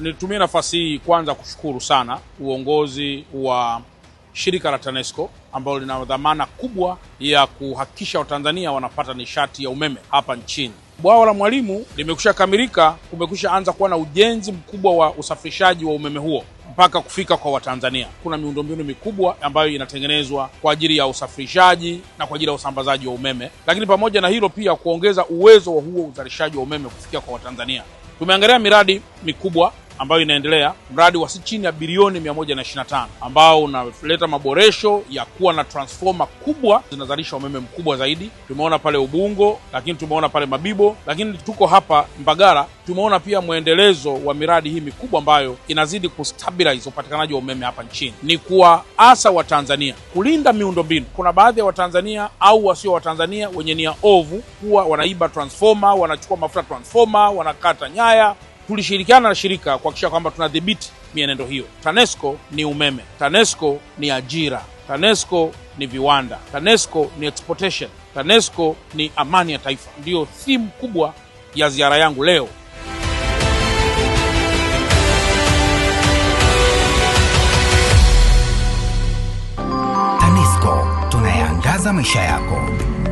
Nitumie nafasi hii kwanza kushukuru sana uongozi wa shirika la TANESCO ambalo lina dhamana kubwa ya kuhakikisha Watanzania wanapata nishati ya umeme hapa nchini. Bwawa la Mwalimu limekusha kamilika, kumekusha anza kuwa na ujenzi mkubwa wa usafirishaji wa umeme huo mpaka kufika kwa Watanzania. Kuna miundombinu mikubwa ambayo inatengenezwa kwa ajili ya usafirishaji na kwa ajili ya usambazaji wa umeme, lakini pamoja na hilo pia kuongeza uwezo wa huo uzalishaji wa umeme kufikia kwa Watanzania. Tumeangalia miradi mikubwa ambayo inaendelea, mradi wa si chini ya bilioni 125 ambao unaleta maboresho ya kuwa na transformer kubwa zinazalisha umeme mkubwa zaidi. Tumeona pale Ubungo, lakini tumeona pale Mabibo, lakini tuko hapa Mbagala, tumeona pia mwendelezo wa miradi hii mikubwa ambayo inazidi kustabilize upatikanaji wa umeme hapa nchini. Ni kuwaasa Watanzania kulinda miundombinu. Kuna baadhi ya Watanzania au wasio Watanzania wenye nia ovu kuwa wanaiba transformer, wanachukua mafuta transformer, wanakata nyaya tulishirikiana na shirika kuhakikisha kwamba tunadhibiti mienendo hiyo. TANESCO ni umeme, TANESCO ni ajira, TANESCO ni viwanda, TANESCO ni exportation, TANESCO ni amani ya taifa. Ndiyo thimu kubwa ya ziara yangu leo. TANESCO tunayaangaza maisha yako.